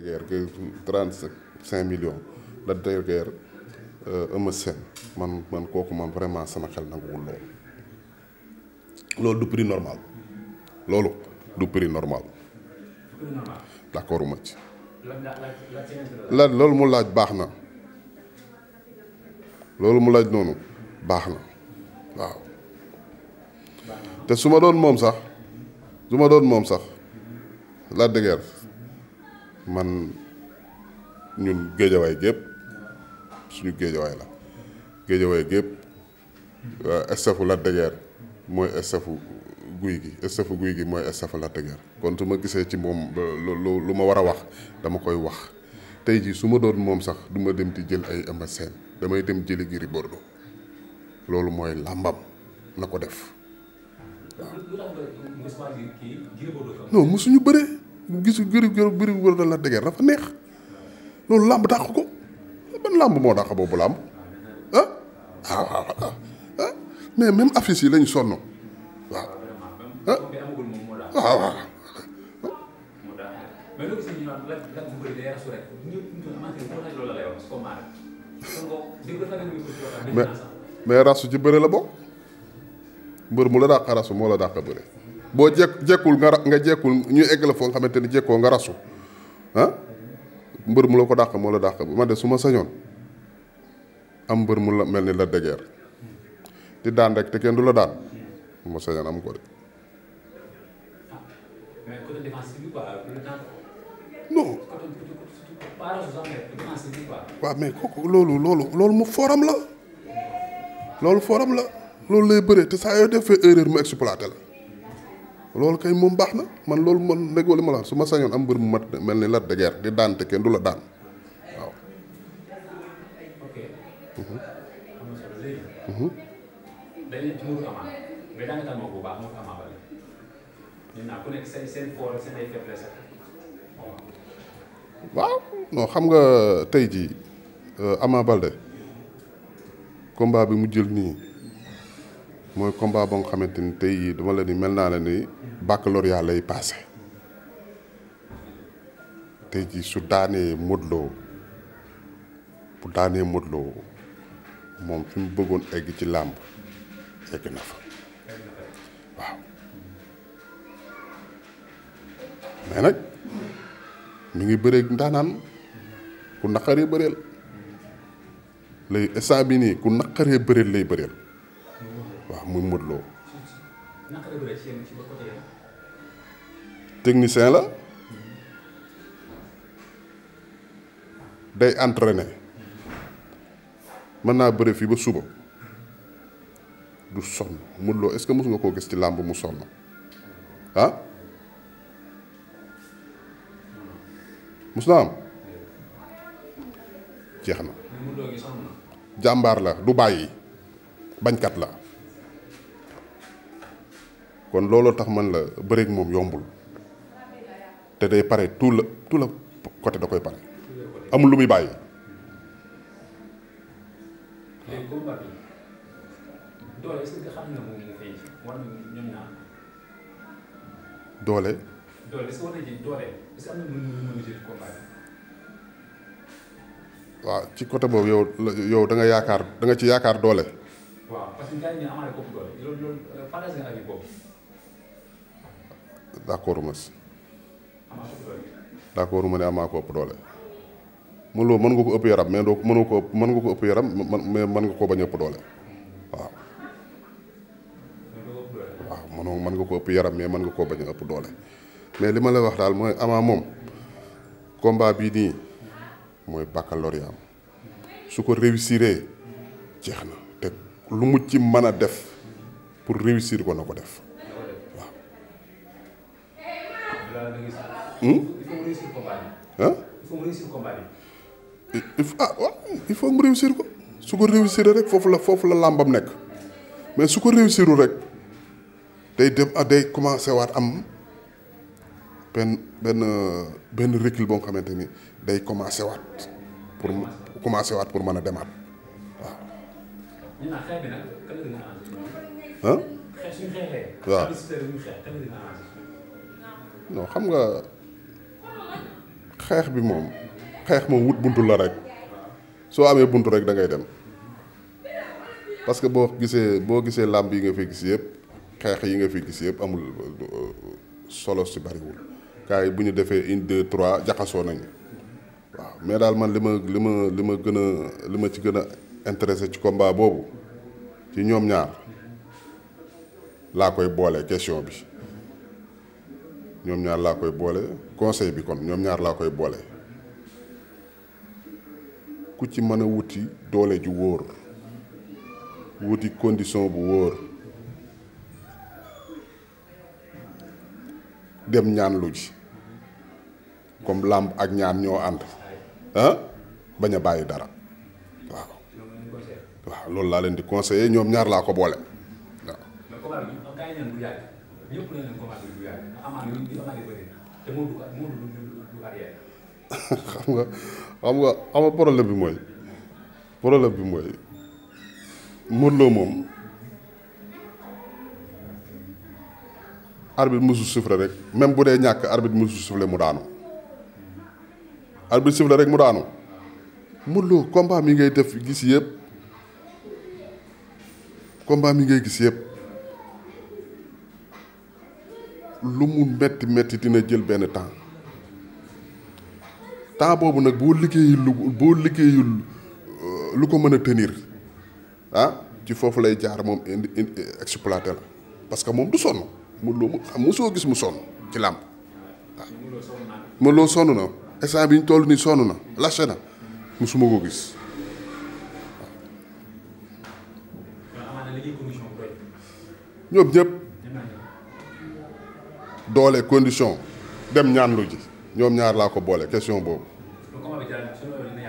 de guerre que trente cinq la de guerre euh, Eumeu man man kooku man vraiment sama xel nanguwul loolu loolu du prix normal loolu du prix normal d'accord ma ci la loolu mu laaj baax na loolu mu laaj noonu baax na waaw te su ma doon moom sax su ma doon moom sax la dëgër man ñun géejawaay gépp suñu géejawaay la géejawaay gépp estafu Lac de mooy estafu guy gi estafu guy gi mooy estafu Lac de kon su ma gisee ci moom lu ma war a wax dama koy wax tey jii su ma doon moom sax duma dem di jël ay Eumeu Sène damay dem jëli Gris Bordeaux loolu mooy làmbam na ko def waaw non bëree gisu gëri gër bëri wër na la dëgër dafa neex loolu làmb dàq ko ban moo dàq boobu làmb ah, ah, ah, lañ sonn waaw rasu mais rasu ci bëre la bokk mbër mu la dàq rasu moo la dàq bëre. boo jekk jekkul nga nga jekkul ñu egg la foo nga xamante ni jekkoo nga rasu ah? mbër mu la ko dàq moo la dàq man de su ma sañoon am mbër mu la mel ni la degeer di daan rek te kenn du la daan ma sañoon am ko de. non. waaw mais kooku loolu loolu loolu mu foram la loolu fooram la loolu lay bëree te saa yoo defee erreur mu exploité la. loolu kay moom baax na man loolu man léegi wala ma su ma sañoon am mbër mu mat mel ni Lac de Guiers di daan te kenn du la daan waaw. ok. xam nga tey jii euh, Ama Baldé combat bi mu jël nii. mooy combat ba nga xamante ni tey dama leen ni mel naa la ni baccalauréat lay passé tey ji su daanee Modou Lo bu daanee Modou moom fi mu bëggoon egg ci làmb egg na fa waaw mais nag mi ngi bëreeg ndaanaan ku naqaree bëreel lay instant bi nii ku naqaree bëreel lay bëreel waaw muy Modou technicien la day entraîné mën naa bëre fii ba suba du sonn Modou Lo est-ce mos nga koo gis ci làmb mu sonn ah mos naa am jeex na jàmbaar la du bàyyi bañkat la kon looloo tax mën la bëreeg moom yombul te day pare tout le tout le da koy pare amul lu muy bàyyi. doole est-ce waaw ci côté boobu yow yow da nga yaakaar da nga ci yaakaar doole. waaw parce que gars yi ñu amaale doole loolu loolu partage nga avis boobu. d'accord merci. d' accord ma ne amaa ko ëpp doole mu loolu mën nga ko ëpp yaram mais doo mënoo ko ëpp mën nga ko ëpp yaram mais mën nga koo bañ ëpp doole waaw. waaw mënoo mën nga ko ëpp yaram mais mën nga koo bañ ëpp doole mais li ma la wax daal mooy amaa moom combat bii nii mooy baccalauréat am su ko réussiree jeex na te lu mu ci mën a def pour réussir ko na ko def. Hmm? ah il faut mu réussir ko su ko réussir rek foofu la foofu la làmbam nekk mais su ko réussiru rek day dem ah, day commencé waat am benn benn benn recul boo xamante ni day commencé waat pour commencé waat pour mën a demaat waaw. non xam nga xeex bi moom xeex moom wut buntu la rek soo amee buntu rek da ngay dem parce que boo gisee boo gisee làmp yi nga fi gis yëpp xeex yi nga fi gis yëpp amul solo si bariwul gars yi bu ñu defee une deux trois jaxasoo nañu waaw mais daal man li ma li ma li gën a li ma ci gën a intéressé ci combat boobu ci ñoom ñaar laa koy boole question bi. ñoom ñaar laa koy boole conseil bi kon ñoom ñaar laa koy boole ku ci mën a wuti doole ju wóor wuti condition bu wóor dem ñaan lu ji comme làmp ak ñaan ñoo ànd bañ a bàyyi dara waaw waaw loolu laa leen di conseiller ñoom ñaar laa ko boole waaw xam nga xam nga xam nga problème bi mooy problème bi mooy Modou Lo moom arbitre musu soufflé rek même bu dee ñàkk arbitre musu soufflé mu daanu arbitre soufflé rek mu daanu Modou Lo combat mi ngay def gis yëpp combat mi ngay gis yëpp. lu mu metti metti dina jël benn temps temps boobu nag boo liggéeyul lu boo euh, lu ko mën a tenir ah ci foofu lay jaar moom indi exploité la parce que moom du sonn mu loo mu xam mosoo gis mu sonn ci làmb waaw. mu loo sonn na instant bi ñu toll nii sonn na lâché na mosuma ko gis. ñoom ñëpp. doole condition dem ñaan ji ñoom ñaar laa ko boole question boobu. mën na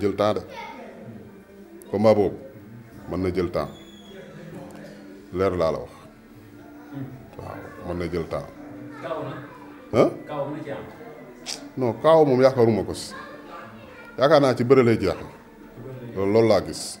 jël temps de combat boobu mën na jël temps leer laa la wax hmm. waaw mën na jël temps. no non kaaw moom yaakaaruma ko si yaakaar naa ci bëre lay jeex loolu loolu laa gis.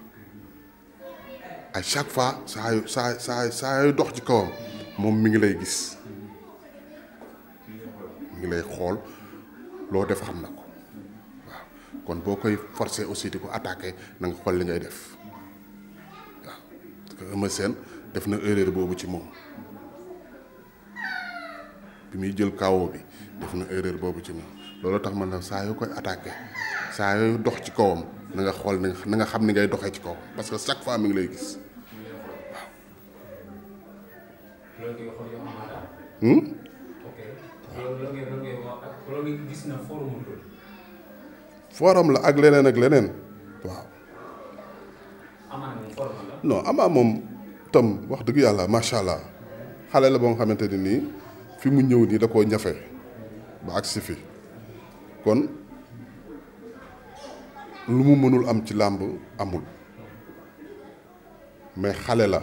à chaque fois saa yu saa saa saa yu dox ci kawam moom mi ngi lay gis mu ngi lay xool loo def xam na ko waaw kon boo koy forcer aussi di ko attaquer na nga xool li ngay def waaw parce que Eumeu Sène def na erreur boobu ci moom bi muy jël kawoo bi def na erreur boobu ci moom loolu tax man na saa yu koy attaquer saa yu dox ci kawam. na nga xool na nga xam ni ngay doxee ci ko parce que chaque fois mi ngi lay gis hmm? waaw. la ak leneen ak leneen waaw. non amaa moom tam wax dëgg yàlla macha allah xale la boo xamante ni nii fi mu ñëw nii da koo ñafe ba agsi fi kon. lu mu mënul am ci làmb amul mais xale la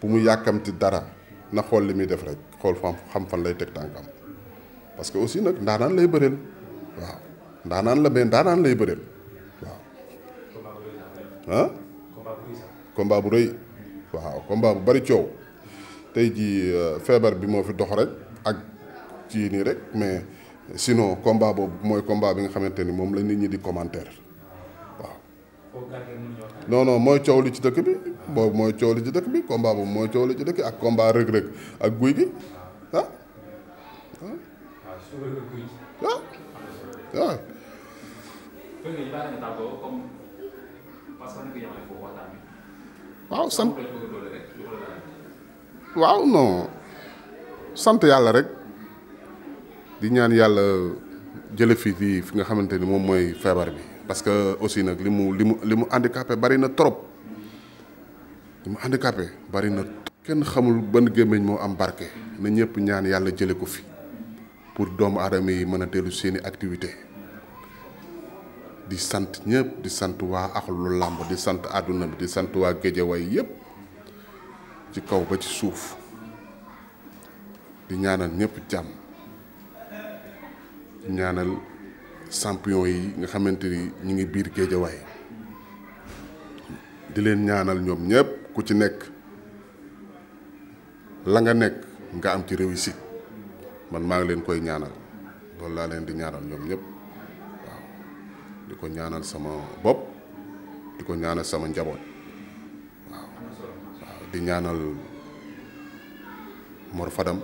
bu mu yàkkamti dara na xool li muy def rek xool fan xam fan lay teg tànkam parce que aussi nag ndaanaan lay bëreel waaw ndaanaan la mais ndaanaan lay bëreel waaw ah bu rëy waaw combat bu bari coow tey jii euh, feebar bi moo fi dox rek ak ci nii rek mais sinon combat boobu mooy combat bi nga xamante ni moom la nit ñi di commentaire waaw. non mooy coow li ci dëkk bi boobu mooy coow li ci dëkk bi combat mooy coow li ci dëkk ak combat rëg-rëg ak guy gi ah. ah. ah. waaw. sant waaw non sant yàlla rek. di ñaan yàlla jële fi fii fi nga xamante ni moom mooy feebar bi parce que aussi nag li mu li mu li mu handicapé bari na trop li mu handicapé bari na kenn xamul ban gémmiñ moo am barke na ñëpp ñaan yàlla jële ko fi pour doomu aadama yi mën a dellu seeni activité di sant ñëpp di sant waa axlu làmb di sant àdduna bi di sant waa géejawaay yëpp ci kaw ba ci suuf di ñaanal ñëpp jàmm ñaanal champion yi nga xamante ni ñu ngi biir géejawaay di leen ñaanal ñoom ñépp ku ci nekk la nga nekk nga am ci réussite man maa ngi leen koy ñaanal loolu laa leen di ñaanal ñoom ñëpp waaw di ko ñaanal sama bopp di ko ñaanal sama njaboot waaw di ñaanal Mor Fadam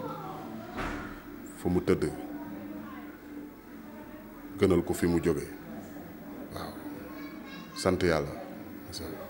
fu mu tëdd gënal ko fi mu jóge waaw sant yàlla